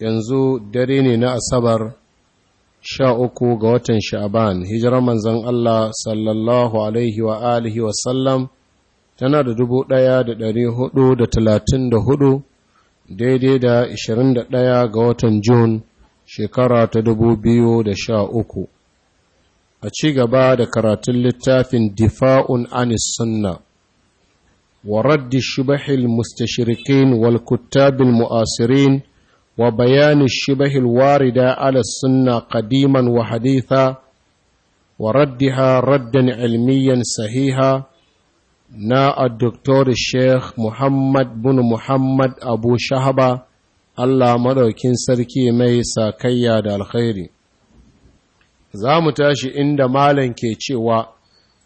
yanzu dare ne na asabar sha uku ga watan sha'aban hijirar manzan Allah sallallahu alaihi wa alihi sallam tana da dubu ɗaya da ɗari hudu da talatin da hudu daidai da ishirin da ɗaya ga watan jun shekara ta dubu biyu da sha uku a ci gaba da karatun littafin difa'un anis sunna wa raddi shubahil mustashirikin wal kuttabil mu'asirin وبيان الشبه الواردة على السنة قديما وحديثا وردها ردا علميا صحيحا نا الدكتور الشيخ محمد بن محمد أبو شهبة الله مدوكين سركي ميسا كيا دا الخير زامو تاشي عند مالن كيتشي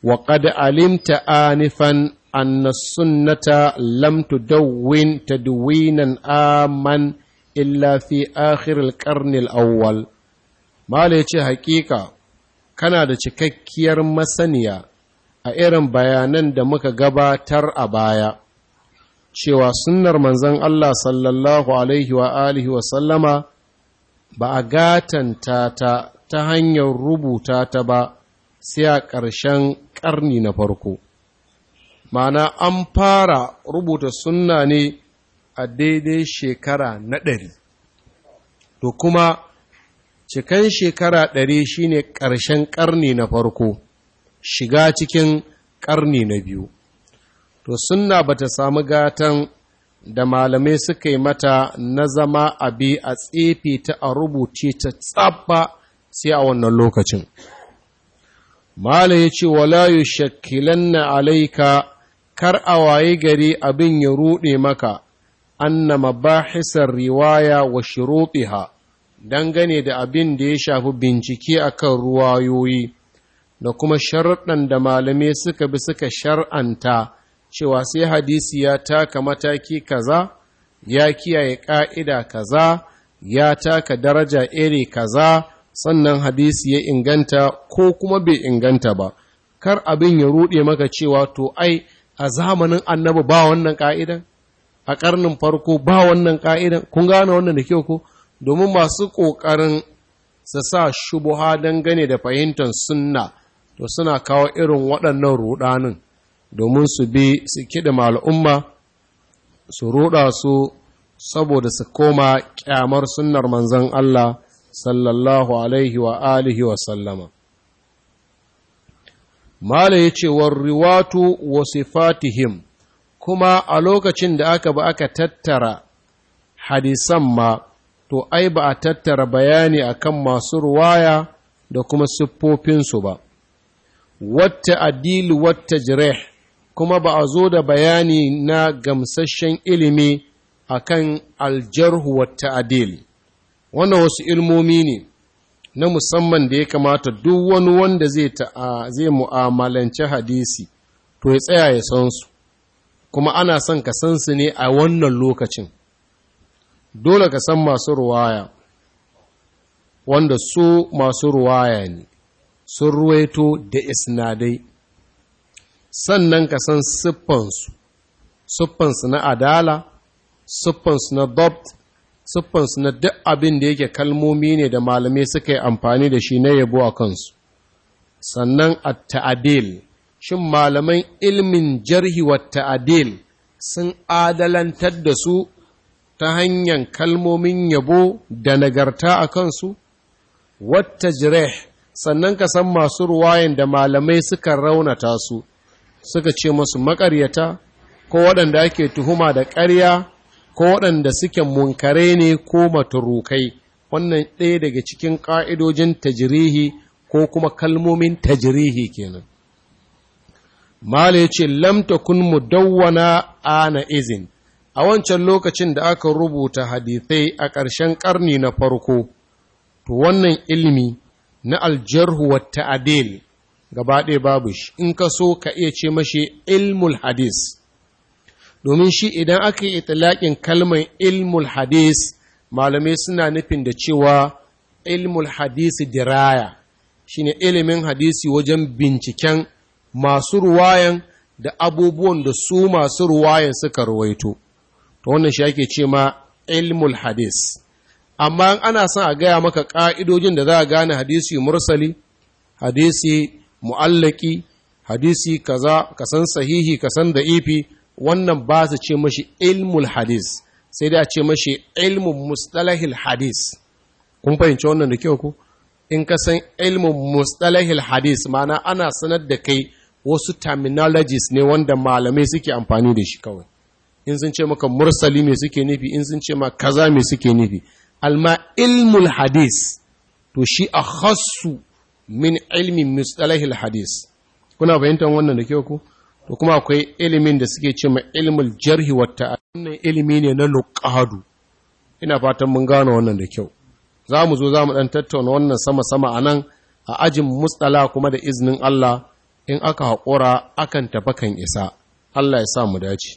وقد علمت آنفا أن السنة لم تدون تدوينا آمن illa fi akhiril karnil awwal mala ya ce hakika kana da cikakkiyar masaniya a irin bayanan da muka gabatar a baya cewa sunnar manzon Allah sallallahu alaihi wa alihi wa sallama ba a gatanta ta ta hanyar rubuta ta ba sai a ƙarshen ƙarni na farko mana an fara rubuta sunna ne a daidai shekara na ɗari to kuma cikan shekara ɗari shine ƙarshen ƙarni na farko shiga cikin ƙarni na biyu to suna ba ta samu gatan da malamai suka yi mata na zama abi a tsefe ta a rubuce ta tsaba sai a wannan lokacin mala ya ce wala yi shakilan na alaika kar a waye gari abin ya ruɗe maka anna mabahisar riwaya wa shurutiha dangane da abin da ya shafi bincike akan ruwayoyi da kuma sharuɗan da malamai suka bi suka shar'anta cewa sai hadisi ya taka mataki kaza ya kiyaye ƙa'ida kaza ya taka daraja iri kaza sannan hadisi ya inganta ko kuma bai inganta ba kar abin ya ruɗe maka cewa to ai a zamanin annabi ba wannan ƙa'idan a ƙarnin farko ba wannan ka'idan kun gane wannan da kyau ko domin masu ƙoƙarin su sa shubuha dangane da fahimtar sunna to suna kawo irin waɗannan ruɗanin domin su bi su al'umma su ruɗa su saboda su koma ƙyamar sunnar manzan Allah sallallahu alaihi wa alihi wa sallama. Mala ya ce, riwatu wasifatihim kuma a lokacin da aka ba aka tattara hadisan ma to ai ba a tattara bayani a kan masu ruwaya da kuma siffofinsu ba wata adilu wata jireh kuma ba a zo da bayani na gamsashen ilimi a kan aljarhu wata adil wannan wasu ilmomi ne na musamman da ya kamata duk wani wanda zai mu'amalanci hadisi to ya tsaya ya san su kuma ana son ka san su ne a wannan lokacin dole ka san masu ruwaya wanda su masu ruwaya ne sun ruwaito da isnadai sannan ka san siffansu siffansu na adala siffansu na dobt siffansu na duk abin da yake kalmomi ne da malamai suka yi amfani da shi na yabo a kansu sannan a ta'adil shin malaman ilmin jarhi wa ta'adil sun adalantar da su ta hanyar kalmomin yabo da nagarta a kansu? Wata jireh, sannan ka san masu ruwayen da malamai suka raunata su, suka ce masu maƙaryata, ko waɗanda ake tuhuma da ƙarya, ko waɗanda suke munkare ne ko maturukai, wannan ɗaya daga cikin ƙa'idojin tajirihi ko kuma kalmomin tajirihi kenan. Mala ya ce, Lamta kun mu dawwana ana izin, a wancan lokacin da aka rubuta hadithai a ƙarshen ƙarni na farko, to wannan ilimi na aljarhu wa ta'adil gaba ɗaya babu shi, in ka so ka iya ce mashi ilmul hadis. Domin shi idan aka yi itilaƙin kalmar ilmul hadis, malamai suna nufin da cewa ilmul hadisi diraya, shine ilimin hadisi wajen binciken masu ruwayan da abubuwan da su masu ruwayan suka ruwaito to wannan shi ake ce ma ilmul hadis amma ana son a gaya maka ƙa'idojin da za a gane hadisi mursali hadisi mu'allaki hadisi kaza kasan sahihi kasan da ifi wannan ba su ce mashi ilmul hadis sai dai a ce mashi ilmun mustalahil hadis kun fahimci wannan da kyau ku in ka san ilmun mustalahil hadis ma'ana ana sanar da kai wasu terminologies ne wanda malamai suke amfani da shi kawai in sun ce maka mursali me suke nufi in sun ce ma kaza mai suke nufi alma ilmul hadis to shi a khassu min ilmin mustalahil hadis kuna fahimtar wannan da kyau ko to kuma akwai ilimin da suke ce ma ilmul jarhi wa wannan ilimi ne na luqadu ina fatan mun gano wannan da kyau za mu zo za mu dan tattauna wannan sama sama nan a ajin mustala kuma da iznin Allah in aka haƙura akan tafi kan isa Allah ya sa mu dace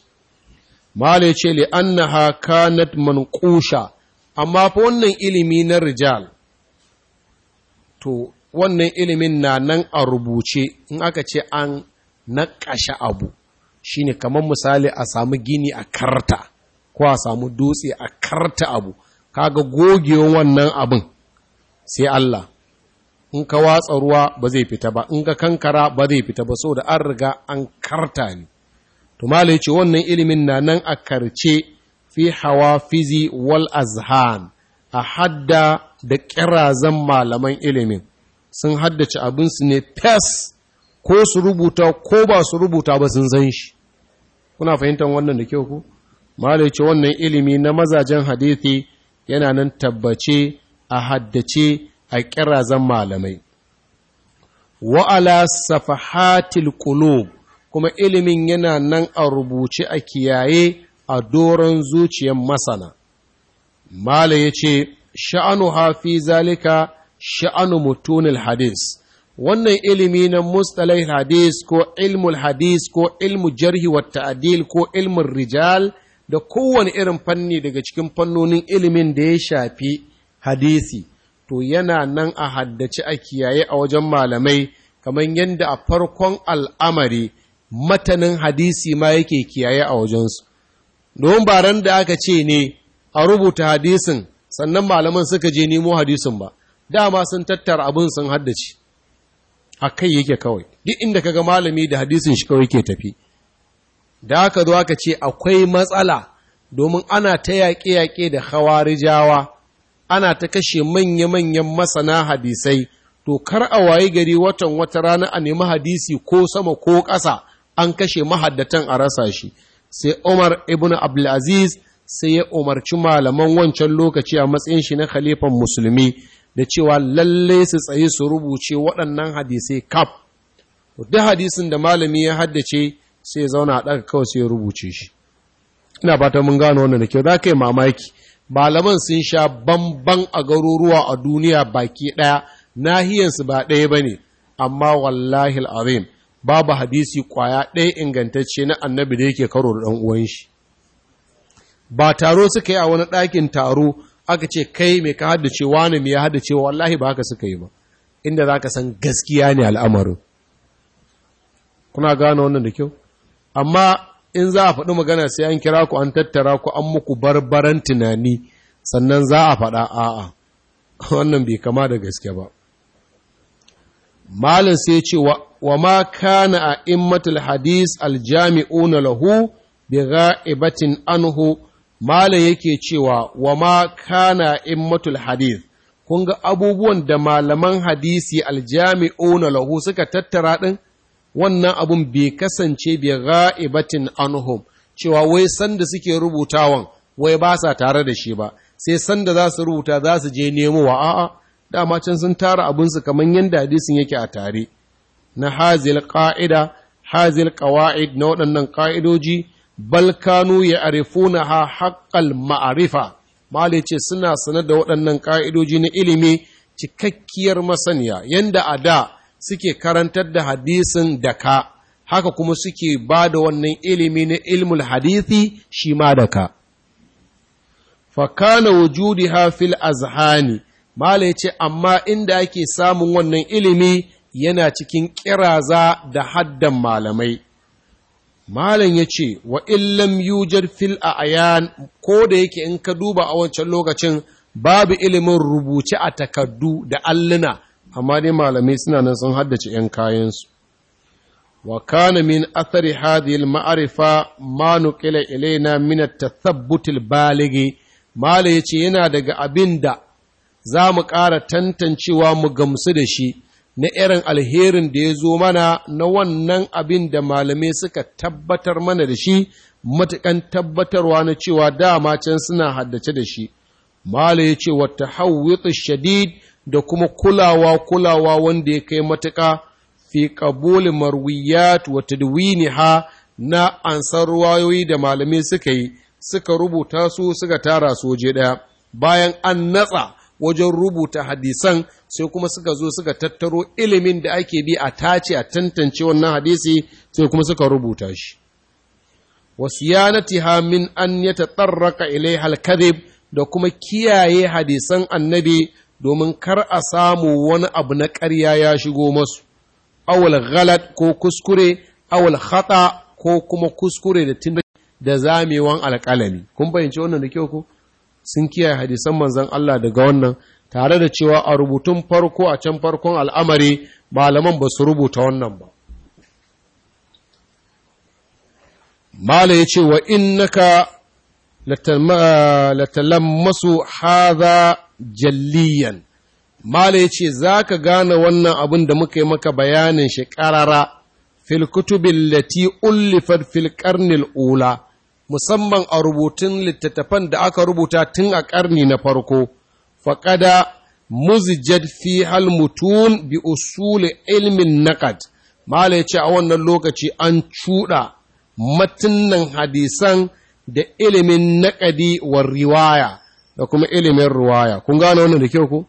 mala ya ce li annaha kanat manqusha amma fa wannan ilimi na rijal to wannan ilimin na nan a rubuce in aka ce an naƙasha abu shine kamar misali a samu gini a karta ko a samu dutse a karta abu kaga gogewa wannan abin sai Allah in ka watsa ruwa ba zai fita ba in ka kankara ba zai fita ba da an riga an karta ne to malai ce wannan ilimin na nan a karce fi hawa fizi wal azhan a hadda da kirazan malaman ilimin sun haddace abin su ne fes ko su rubuta ko ba su rubuta ba sun zan shi kuna fahimtar wannan da kyau ku malai ce wannan ilimi na mazajen hadithi yana nan tabbace a haddace a kirazan malamai wa'ala safahatil qulub kuma ilimin yana nan a rubuce a kiyaye a doron zuciyar masana mala ya ce sha'anu hafi zalika sha'anu mutunil hadis wannan ilimi na mustalai hadis ko ilmul hadis ko ilmu jarhi wa ta'adil ko ilmin rijal da kowane irin fanni daga cikin fannonin ilimin da ya shafi hadisi to yana nan a haddace a kiyaye a wajen malamai kamar yadda a farkon al'amari matanin hadisi ma yake kiyaye a wajensu Domin baran da aka ce ne a rubuta hadisin sannan malaman suka je nemo hadisin ba dama sun tattara abin sun haddace a kai yake kawai duk inda ka ga malami da hadisin shi kawai ke tafi da aka zo aka ce akwai matsala domin ana ta yaƙe-yaƙe da hawarijawa ana ta kashe manya-manyan masana hadisai to kar a waye gari watan wata rana a nemi hadisi ko sama ko ƙasa an kashe mahaddatan a rasa shi sai Umar ibn Abdulaziz sai ya umarci malaman wancan lokaci a matsayin shi na khalifan musulmi da cewa lalle su tsaye su rubuce waɗannan hadisai kaf duk hadisin da malami ya haddace sai zauna a ɗaga kawai sai ya rubuce shi ina fata mun gano wannan da kyau za ka yi mamaki malaman sun sha bamban a garuruwa a duniya baki ɗaya nahiyansu ba ɗaya ba ne amma wallahi al'azim babu hadisi kwaya ɗaya ingantacce na annabi da yake karo da uwan shi ba taro suka yi a wani ɗakin taro aka ce kai mai ka haddace wani mai ya haddace wallahi ba haka suka yi ba inda za ka san gaskiya ne al'amarin kuna gane wannan da kyau amma in za a faɗi magana sai an kira ku an tattara ku an muku barbaran tunani sannan za a faɗa a'a wannan bai kama da gaske ba malin sai ce wa ma kana a immatul hadis aljami'una lahu bi gha'ibatin anhu malin yake cewa wa ma kana a immatul hadis kun ga abubuwan da malaman hadisi aljami'una lahu suka tattara din wannan abun bai kasance bi ga'ibatin anhum cewa wai sanda suke rubutawan wai ba sa tare da shi ba sai sanda za su rubuta za su je nemo wa a'a dama can sun tara abinsu kamar yadda hadisin yake a tare na hazil ƙa'ida, hazil ƙawa'id na waɗannan ƙa'idoji, balkanu ya na ha haƙƙal ma'arifa, mali ce suna sanar da waɗannan ƙa'idoji na ilimi cikakkiyar masaniya, yanda a da suke karantar da hadisin da ka haka kuma suke ba da wannan ilimi na ilmul hadithi shi ma da ka fakana wujudi hafil azhani mala ya ce amma inda ake samun wannan ilimi yana cikin kiraza da haddan malamai malam ya ce wa illam yujar fil ayan ko da yake in ka duba a wancan lokacin babu ilimin rubuce a takardu da alluna amma dai malamai suna nan sun haddace 'yan kayansu wa kana min athari hadhihi ma'arifa ma nuqila ilaina min at-tathabbut al-balighi mala yace yana daga abinda za mu ƙara tantancewa mu gamsu da shi na irin alherin da ya zo mana na wannan abin da malamai suka tabbatar mana da shi matukan tabbatarwa na cewa dama can suna haddace da shi mala yace wa hawwitu shadid da kuma kulawa kulawa wanda ya kai matuka, fi kabulin marwiyat wa tadwiniha na ansar ruwayoyi da malamai suka yi suka rubuta su suka tara su waje ɗaya bayan an natsa wajen rubuta hadisan sai kuma suka zo suka tattaro ilimin da ake bi a tace a tantance wannan hadisi sai kuma suka rubuta shi wasu yanatiha min an ya taɗarraka ilai halkadib da kuma kiyaye hadisan annabi domin kar a samu wani abu na ƙarya ya shigo masu, awal ghalat ko kuskure, awal khata ko kuma kuskure da tun da zamewan alƙalami. Kun fahimci wannan da kyau ko? Sun kiyaye hadisan manzan Allah daga wannan, tare da cewa a rubutun farko a can farkon al'amari malaman ba su rubuta wannan ba. Mala ya ce wa innaka latalammasu haza jalliyan mala ya ce za ka gane wannan abin da muka yi maka bayanin shi ƙarara fil kutubin lati fil ƙarnil ula musamman a rubutun littattafan da aka rubuta tun a ƙarni na farko faƙada muzijad fi mutum bi usuli ilmin naƙad mala ya ce a wannan lokaci an cuɗa matunan hadisan da ilimin naƙadi wa riwaya da kuma ilimin ruwaya kun gano wannan da kyau ku?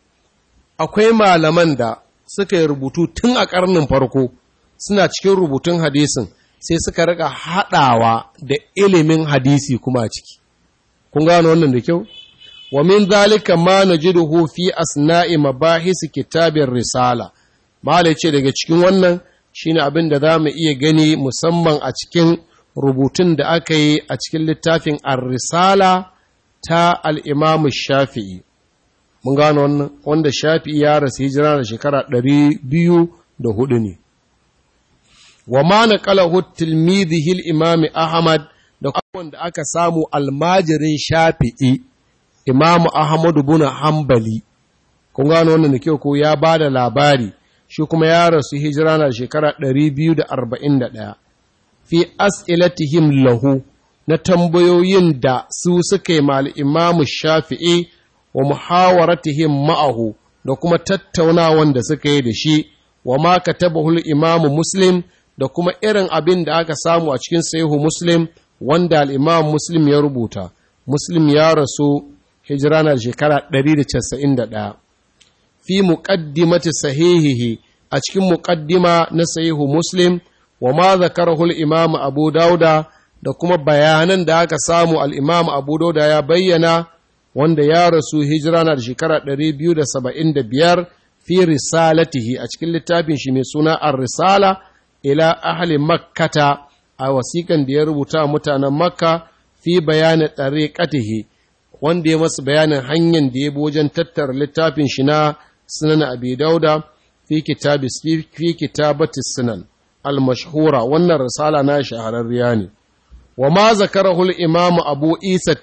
akwai malaman da suka yi rubutu tun a ƙarnin farko suna cikin rubutun hadisin sai suka rika haɗawa da ilimin hadisi kuma ciki kun gano wannan da kyau wa min zalika ma najiduhu ma asna'i mabahis kitabin risala malai ce daga cikin wannan shi ne abin da za mu iya gani musamman a cikin rubutun da aka yi a cikin littafin ar-risala ta al'imamu shafi'i mun gano wannan wanda shafi'i ya rasu hijira da shekara ɗari biyu da hudu ne wa ma na kalahu hil imami ahmad da kwan da aka samu almajirin shafi'i imamu ahmadu buna hambali kun gano wannan da kyau ko ya ba da labari shi kuma ya rasu hijira da shekara ɗaya. fi as'ilatihim lahu na tambayoyin da su suka yi imamu shafi'i wa muhawaratihim ma'ahu da kuma tattaunawan da suka yi da shi wa ma ka imamu muslim da kuma irin abin da aka samu a cikin sahihu muslim wanda al'imam muslim ya rubuta muslim ya rasu hijiranar shekara ɗari da da casa'in ɗaya. fi muƙaddimati sahihihi a cikin muƙaddima na sahihu muslim wa ma zakarahul imamu abu dauda da kuma bayanan da aka samu al'imam abu dauda ya bayyana wanda ya rasu hijira na da shekara 275 fi risalatihi a cikin littafin shi mai suna ar risala ila ahli makkata a wasikan da ya rubuta mutanen makka fi bayanin katihi wanda ya masu bayanin hanyar da ya bi wajen tattara littafin shi na sunan abi dauda fi kitabatis sunan al-mashhura wannan risala na shahararriya ne wa ma zakarahul imamu abu isa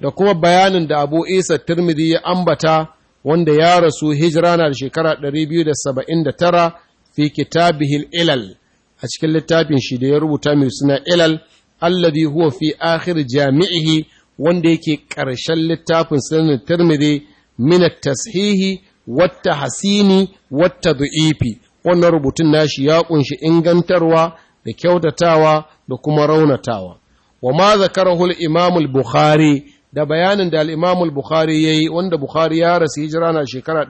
da kuma bayanin da abu isa tirmidhi ya ambata wanda ya rasu hijira na shekara 279 fi kitabihil ilal a cikin littafin shi da ya rubuta mai suna ilal alladhi huwa fi akhir jami'ihi wanda yake ƙarshen littafin sunan tirmidhi min at-tashihi wat-tahsini wat-tad'ifi wannan rubutun nashi ya kunshi ingantarwa da kyautatawa da kuma raunatawa wa ma zakarahul imamul bukhari da bayanin da al'imamul bukhari ya yi wanda bukhari ya rasu hijira na shekara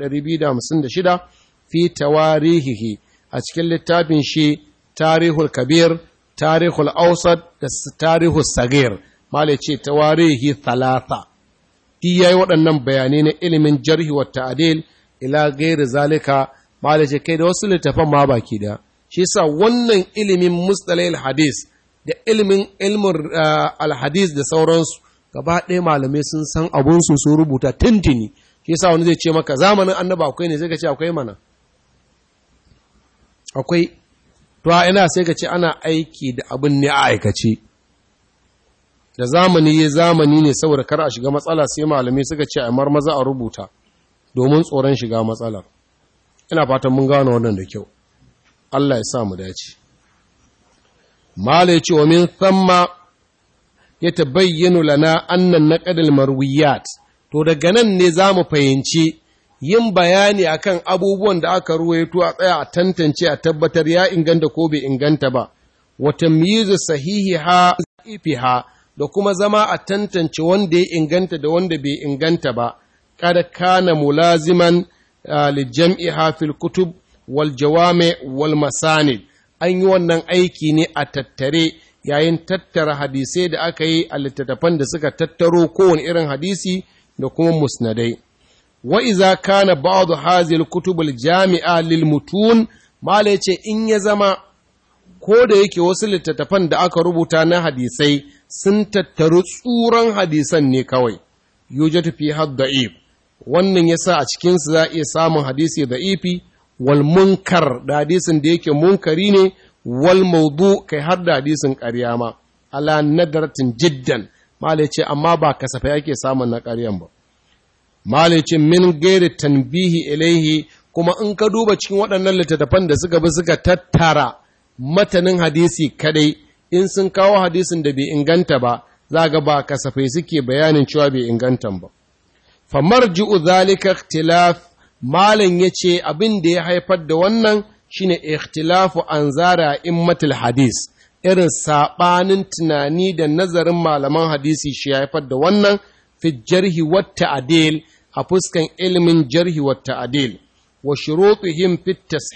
shida fi tawarihihi a cikin littafin shi tarihul kabir tarihul ausad da tarihul sagir male ce tawarihi talata iya yi waɗannan bayanai na ilimin jarhi wa ta'adil ila gairi zalika male ce kai da wasu littafan ma baki da shi sa wannan ilimin mustalai hadis da ilimin ilmin ah, alhadis da sauransu gaba ɗaya malamai sun san abunsu sun rubuta tintini shi sa wani zai ce maka zamanin annaba akwai ne sai ka ce akwai mana akwai to a ina sai ka ce ana aiki da abin ne a aikace da zamani ya zamani ne saboda kar a shiga matsala sai malamai suka ce a marmaza a rubuta domin tsoron shiga matsalar ina fatan mun gano wannan da kyau Allah ya sa mu dace Malai ce wa min thamma ya tabayyanu lana annan naqadul marwiyat to daga nan ne zamu mu fahimci yin bayani akan abubuwan da aka ruwaito a tsaya a tantance a tabbatar ya inganta ko bai inganta ba wa tamyizu sahihiha ifiha da kuma zama a tantance wanda ya inganta da wanda bai inganta ba kada kana mulaziman ah, li ha fil kutub wal jawame wal masanid an yi wannan aiki ne a tattare yayin tattara hadisai da aka yi a littattafan da suka tattaro kowane irin hadisi da kuma musnadai wa iza kana ba'd hazil kutubul jami'a lil mutun mala yace in ya zama ko da yake wasu littattafan da aka rubuta na hadisai sun tattaru tsuran hadisan ne kawai yujatu fi hadda'if wannan yasa a cikin su za a iya samun hadisi da'ifi wal munkar da hadisin da yake munkari ne wal maudu kai har da hadisin ƙarya ma ala nadaratin jiddan malai ce amma ba kasafai ake samun na ƙaryan ba malai ce min gairi tanbihi ilaihi kuma in ka duba cikin waɗannan littattafan da suka bi suka tattara matanin hadisi kadai in sun kawo hadisin da bai inganta ba za ga ba kasafai suke bayanin cewa bai ingantan ba famarji'u zalika ikhtilaf Malam ya ce abin da ya haifar da wannan shine ikhtilafu an zara matil hadis, irin saɓanin tunani da nazarin malaman hadisi shi ya haifar da wannan fi jarhi wata adil a fuskan ilimin jarhi wata adil, wa shuruɗihim fitas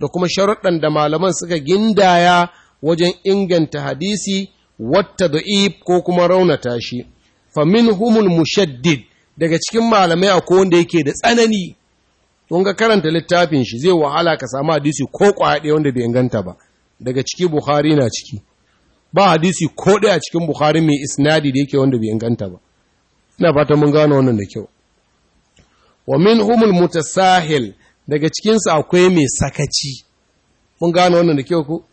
da kuma sharuɗan da malaman suka gindaya wajen inganta hadisi wata da'ib ko kuma raunata shi. Famin humul mushaddid daga cikin malamai a wanda yake da tsanani don ka karanta littafin shi zai wahala ka samu hadisi ko kwaɗe wanda bai inganta ba daga ciki bukhari na ciki ba hadisi ko ɗaya cikin bukhari mai isnadi da yake wanda bai inganta ba ina fatan mun gano wannan da kyau wa min humul mutasahil daga cikinsu akwai mai sakaci mun gano wannan da kyau ku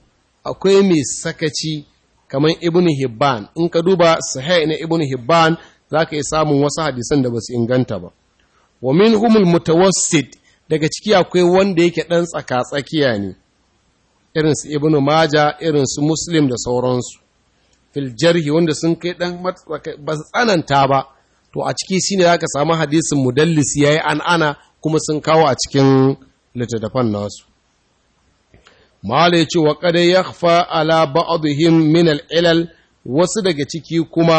akwai mai sakaci kamar ibn hibban in ka duba sahih na ibn hibban zaka yi samun wasu hadisan da basu inganta ba wa min humul mutawassit daga ciki akwai wanda yake ɗan tsaka-tsakiya ne irinsu ibnu maja irinsu muslim da sauransu Filjarhi wanda sun kai ɗan ba su tsananta ba to a ciki shine za ka samu hadisin mudallis ya yi an'ana kuma sun kawo a cikin littattafan nasu mahala ya ce wa ƙadai ya fa ala ba'aduhim min al'ilal wasu daga ciki kuma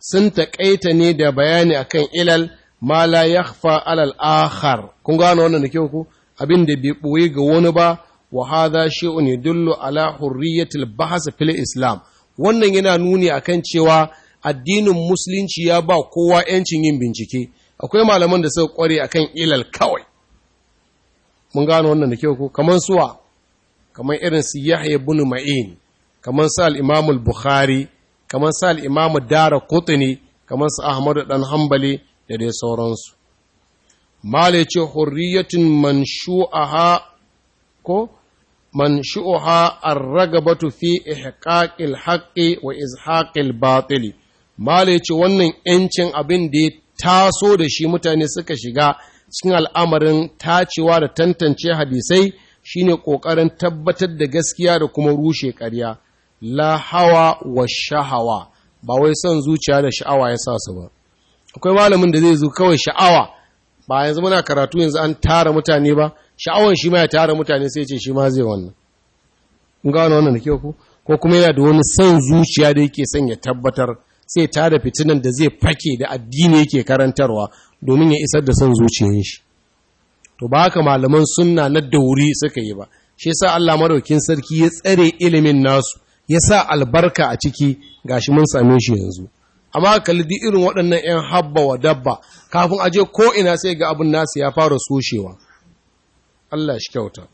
sun taƙaita ne da bayani akan ilal ma la yakhfa alal akhar kun gano wannan da kyau ku abin da bai boye ga wani ba wa hadha shay'un yadullu ala hurriyatil bahs fil islam wannan yana nuni akan cewa addinin musulunci ya ba kowa yancin yin bincike akwai malaman da suka kware akan ilal kawai mun gano wannan da kyau ku kaman suwa kaman irin su Yahya ibn Ma'in kaman su al bukhari kaman su al-Imam kutni kaman su Ahmadu dan Hanbali da dai sauransu mala ce hurriyatin shu'aha ko manshu'aha ar-ragabatu fi ihqaqil haqqi wa izhaqil batili mala ce wannan yancin abin da ya taso da shi mutane suka shiga cikin al'amarin tacewa da tantance hadisai shine ƙoƙarin tabbatar da gaskiya da kuma rushe ƙarya la hawa wa shahawa ba wai son zuciya da sha'awa ya sa su ba akwai malamin da zai zo kawai sha'awa ba yanzu muna karatu yanzu an tara mutane ba sha'awan shi ma ya tara mutane sai ce shi ma zai wannan kun ga wannan da kyau ko ko kuma yana da wani san zuciya da yake son ya tabbatar sai ta da fitinan da zai fake da addini yake karantarwa domin ya isar da son zuciyar shi to ba haka malaman sunna na dauri suka yi ba shi yasa Allah madaukin sarki ya tsare ilimin nasu ya sa albarka a ciki gashi mun same shi yanzu amma kalli di irin waɗannan 'yan habba wa dabba kafin aje ko ina sai ga abin nasu ya fara soshewa Allah shi kyauta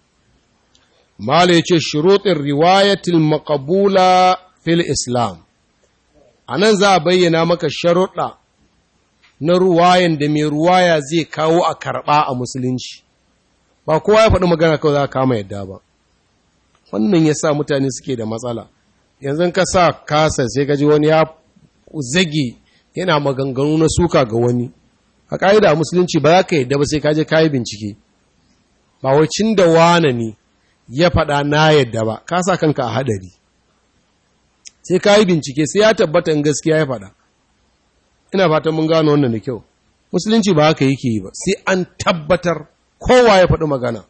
mala ce shirotin riwayatil makabula fil islam nan za a bayyana maka sharuɗa na ruwayan da mai ruwaya zai kawo a karɓa a musulunci ba kowa ya faɗi magana kawai za ka kama yadda ba wannan ya sa mutane suke da matsala yanzu ka sa kasa sai gaji wani ya zage yana maganganu na suka ga wani a ƙa'ida a musulunci ba za ka da ba sai ka je kayi bincike ba wacin da wane ne ya faɗa na yadda ba ka sa kanka a haɗari sai kayi bincike sai ya tabbatan gaskiya ya faɗa ina fatan mun gano wannan da kyau musulunci ba haka yake yi ba sai an tabbatar kowa ya faɗi magana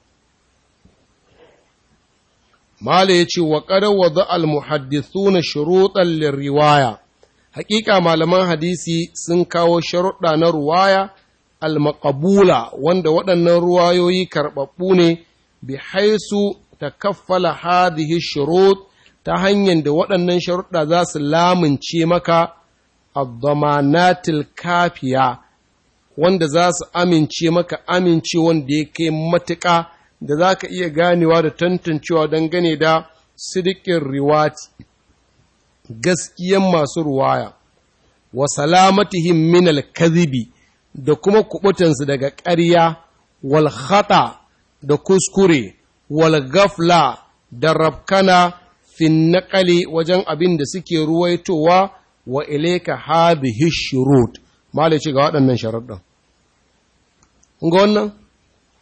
mala ya ce wa ƙarar wa za al na shuruɗan riwaya Hakika malaman hadisi sun kawo sharuɗa na ruwaya al-maqabula wanda waɗannan ruwayoyi karɓaɓɓu ne bi haisu kaffala hadihi shurut ta hanyar da waɗannan sharuɗa za su lamunce maka ad kafiya wanda za su amince maka amince wanda ya kai matuƙa da za ka iya ganewa da tantancewa gane da sidikin riwati gaskiyan masu ruwaya wa salamatihim min al-kadhibi da kuma kuɓutansu daga ƙarya wal khata da kuskure wal gafla da rabkana fin naƙali wajen abin da suke ruwaitowa wa ilaika hadhihi shurut mallai ce ga waɗannan sharuɗin ga wannan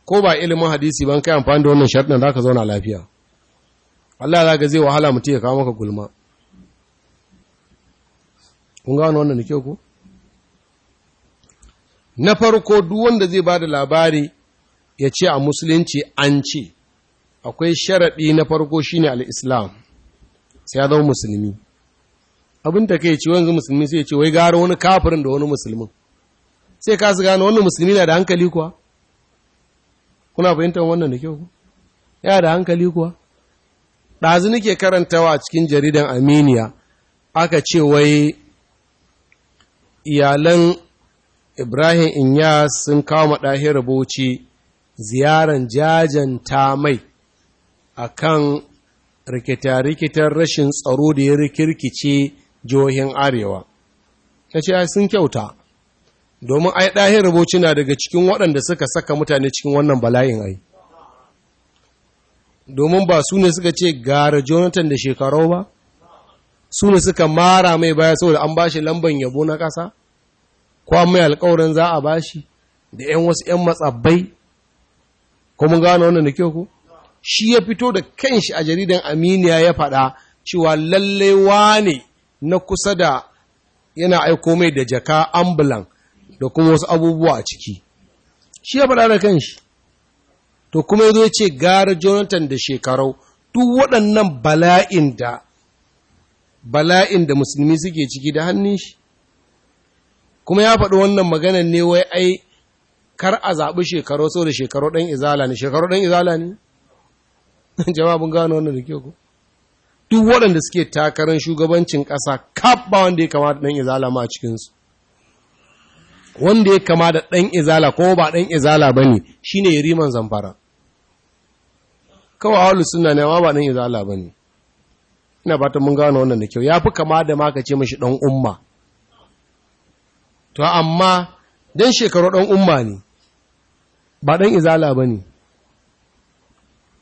ko ba ilimin hadisi ban kai amfani da wannan za zaka zauna lafiya Allah zaka zai wahala mutum ya kawo maka gulma kun gano wannan da kyau ko na farko duk wanda zai ba da labari ya ce a musulunci an ce akwai sharaɗi na farko shine al'islam sai ya zama musulmi abin da kai ce wanzu musulmi sai ya ce wai gara wani kafirin da wani musulmin sai ka su gano wani musulmi na da hankali kuwa kuna fahimtar wannan da kyau ya da hankali kuwa ɗazu nake karantawa a cikin jaridan aminiya aka ce wai iyalan Ibrahim Inyas sun kawo maɗahi Bauchi ziyaran jajanta mai a kan rikita-rikitar rashin tsaro da ya rikirkice jihohin Arewa. Ta ce, sun kyauta, domin ai ɗahi Bauchi na daga cikin waɗanda suka saka mutane cikin wannan bala'in ai. Domin ba su ne suka ce gara Jonathan da shekaru ba? su ne suka mara mai baya saboda an ba shi lamban yabo na ƙasa ko mai alƙawarin za a ba shi. da 'yan wasu 'yan matsabbai ko mun gano wannan da kyau ku shi ya fito da kanshi a jaridan aminiya ya faɗa cewa lallai ne na kusa da yana aiko mai da jaka ambulan da kuma wasu abubuwa a ciki shi ya faɗa da kanshi to kuma ya zo ce gara jonathan da shekarau duk waɗannan bala'in da bala'in da musulmi suke ciki da hannun shi kuma ya faɗi wannan maganan ne wai ai kar a zaɓi shekaru sau da shekaru ɗan izala ne shekaru ɗan izala ne jawabin gano wannan da kyau duk waɗanda suke takarar shugabancin ƙasa kaf ba wanda ya kama da ɗan izala ma a cikinsu wanda ya kama da ɗan izala ko ba ɗan izala ba ne shi ne riman zamfara kawai haulu suna ne ma ba ɗan izala ba ne ina fata mun gano wannan da kyau ya fi kama da maka ce mashi ɗan umma to amma don shekaru ɗan umma ne ba ɗan izala ba ne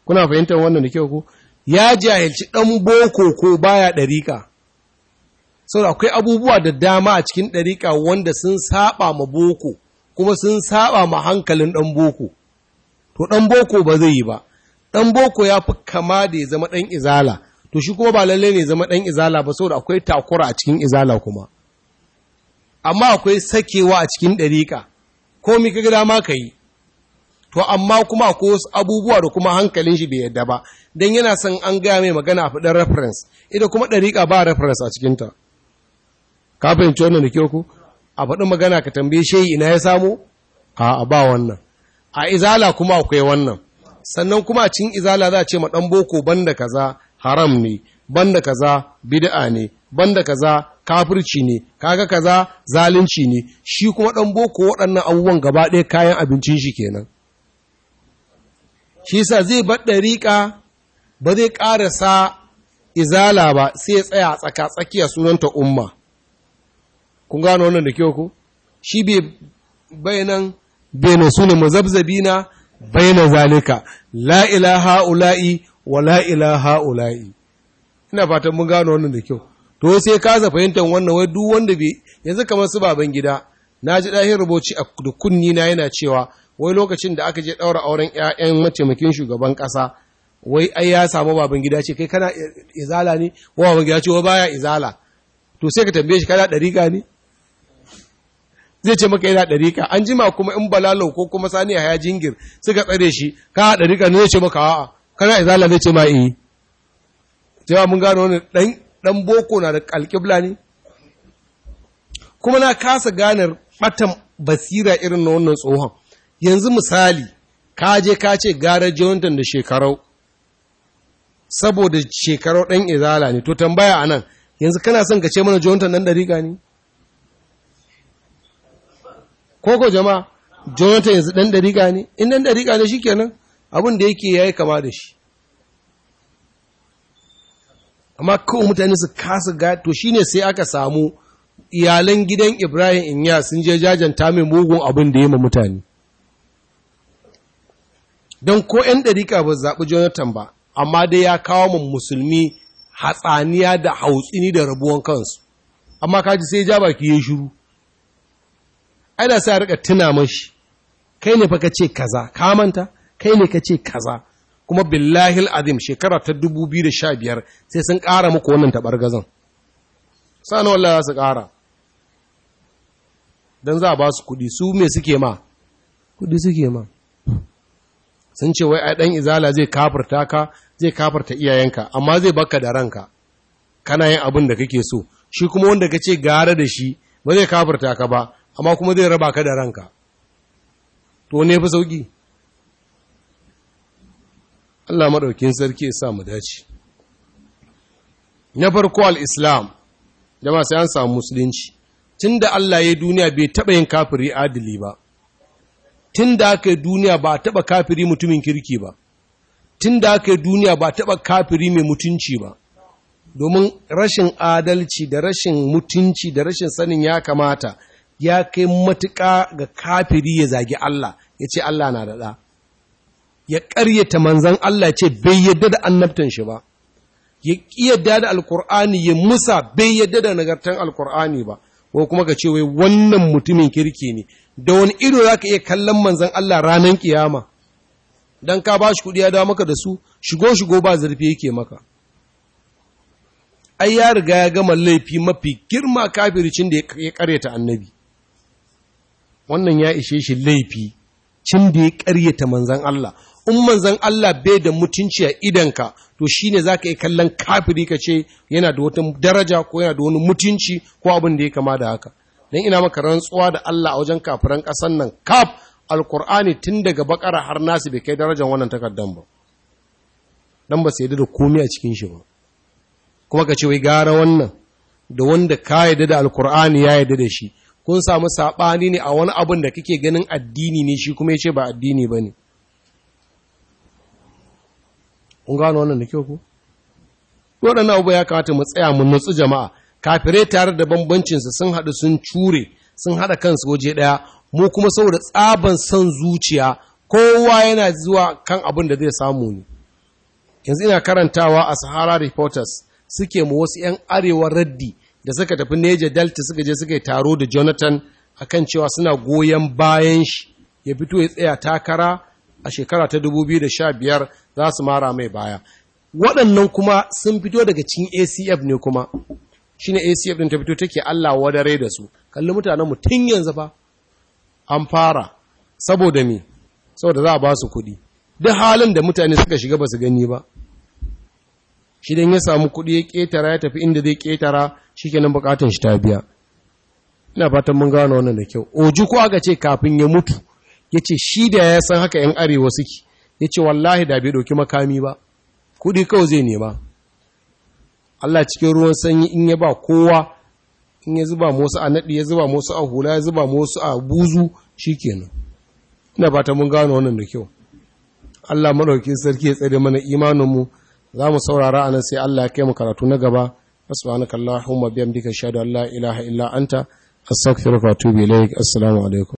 kuna fahimtar wannan da kyau ko ya jahilci ɗan boko ko baya ɗarika. sau akwai abubuwa da dama a cikin ɗarika wanda sun saba ma boko kuma sun saba ma hankalin ɗan boko to ɗan boko ba zai yi ba ɗan boko ya fi kama da ya zama ɗan izala to shi kuma ba lalle ne zama ɗan izala ba saboda akwai takura a cikin izala kuma amma akwai sakewa a cikin ɗariƙa ko mi kaga dama ka yi to amma kuma akwai wasu abubuwa da kuma hankalin shi bai yadda ba don yana son an gaya mai magana a faɗin reference ita kuma ɗariƙa ba reference a cikinta ka fahimci wannan da ke ku a faɗin magana ka tambaye shi ina ya samu a ba wannan a izala kuma akwai wannan sannan kuma a cikin izala za a ce ma ɗan boko banda kaza haram ne banda kaza bid'a ne banda kaza kafirci ne kaga kaza zalunci ne shi kuma dan boko waɗannan abubuwan gaba ɗaya kayan abincin shi kenan shi sa zai bar riƙa ba zai sa izala ba sai ya tsaya tsaka tsakiya sunanta umma kun gano wannan da kyau ku shi bai bayanan na sunan mazabzabina na zalika la ilaha ula'i wala ila ha'ula'i ina fatan mun gano wannan da kyau to sai ka za fahimtar wannan wai duk wanda bai yanzu kamar su baban gida na ji ɗahin rubuci a da kunni na yana cewa wai lokacin da aka je ɗaura auren 'ya'yan mataimakin shugaban ƙasa wai ai ya samu baban gida ce kai kana izala ne wa baban gida ce wa baya izala to sai ka tambaye shi kana ɗariƙa ne zai ce maka yana ɗariƙa an jima kuma in balalo ko kuma Saniya ya jingir suka tsare shi ka ɗariƙa ne zai ce maka wa'a. kana izala zai ce ma eh cewa mun gano wani dan dan boko na da alƙibla ne kuma na kasa gane batan basira irin na wannan tsohon yanzu misali ka je ka ce gara jonathan da shekarau saboda shekarau ɗan izala ne to tambaya a nan yanzu kana son ka ce mana jonathan ɗan dariga ne koko jama'a jonathan yanzu ɗan dariga ne in ɗan dariga ne shi kenan abin da yake ya yi kama da shi amma kawai mutane su kasa ga to shine sai aka samu iyalan gidan ibrahim inya sun je jajanta mai mugun abin da ya ma mutane don ko 'yan ɗarika ba zaɓi jonathan ba amma dai ya kawo mu musulmi hatsaniya da hautsini da rabuwan kansu amma kaji sai ja baki ya shiru ai da sai rika tuna mashi kai ne fa ka ce kaza ka manta kai ne ka ce kaza kuma billahi azim shekara ta 2015 sai sun ƙara muku wannan gazan. sana Allah ya su ƙara don za a ba su kudi su me suke ma kudi suke ma sun ce wai ɗan izala zai kafarta ka zai kafarta iyayenka amma zai baka da ranka kana yin abin da kake so shi kuma wanda ka ce gara da shi ba zai kafarta ka ba amma kuma zai raba ka da ranka to ne fi sauki Allah maɗaukin sarki ya sa mu dace na farko al-islam jama'a sai an samu musulunci tunda Allah ya duniya bai taɓa yin kafiri adili ba tunda aka duniya ba taɓa kafiri mutumin kirki ba tunda aka duniya ba taɓa kafiri mai mutunci ba domin rashin adalci da rashin mutunci da rashin sanin ya kamata ya kai matuƙa ga kafiri ya zagi Allah ya ce Allah na da ɗa ya ƙaryata manzan Allah ce bai yadda da annabtan shi ba ya yadda da Alƙur'ani ya musa bai yadda da nagartan Alƙur'ani ba ko kuma ka ce wai wannan mutumin kirki ne da wani ido za ka iya kallon manzan Allah ranar ƙiyama? don ka ba shi kuɗi ya dawo maka da su shigo shigo ba zurfi yake maka ai ya riga ya gama laifi mafi girma kafiricin da ya karyata annabi wannan ya ishe shi laifi cin da ya karyata manzan Allah in manzan Allah bai da mutunci a idanka to shi shine ka yi kallon kafiri ka ce yana da wata daraja ko yana da wani mutunci ko abin da ya kama da haka Don ina maka rantsuwa da Allah a wajen kafiran kasan nan kaf alkur'ani tun daga bakara har nasu bai kai darajar wannan takardan ba dan ba sai da komai a cikin shi ba kuma ka ce wai gara wannan da wanda ka yadda da alkur'ani ya yadda da shi kun samu saɓani ne a wani abin da kake ganin addini ne shi kuma ya ce ba addini ba ne. kun gano wannan da kyau ku waɗannan abubuwa ya kamata mu tsaya mu nutsu jama'a kafirai tare da bambancinsu sun haɗu sun cure sun haɗa kansu waje ɗaya mu kuma saboda tsaban son zuciya kowa yana zuwa kan abin da zai samu ne yanzu ina karantawa a sahara reporters suke mu wasu 'yan arewa raddi da suka tafi neja delta suka je suka yi taro da jonathan akan cewa suna goyon bayan shi ya fito ya tsaya takara a shekara ta 2015 za su mara mai baya waɗannan kuma sun fito daga cikin acf ne kuma shi ne acf ɗin ta fito take allah wadare da su kalli mutanenmu tun yanzu ba an fara saboda me saboda za a ba su kuɗi duk halin da mutane suka shiga ba su gani ba shi don ya samu kuɗi ya ƙetara ya tafi inda zai ƙetara shi kenan buƙatun shi ta biya ina fatan mun gano wannan da kyau oju ko aka ce kafin ya mutu ya ce shi da ya san haka ‘yan arewa suke ya ce wallahi da bai ɗauki makami ba kudi kawai zai nema Allah cikin ruwan sanyi in ya ba kowa in ya zuba musu a naɗi ya zuba musu a hula ya zuba musu a buzu shi kenan ina ba ta mun gano wannan da kyau Allah maɗauki sarki ya tsere mana imaninmu za mu saurara a nan sai Allah ya kai mu karatu na gaba subhanaka allahumma bihamdika ashhadu an la ilaha illa anta astaghfiruka wa atubu ilaik assalamu alaikum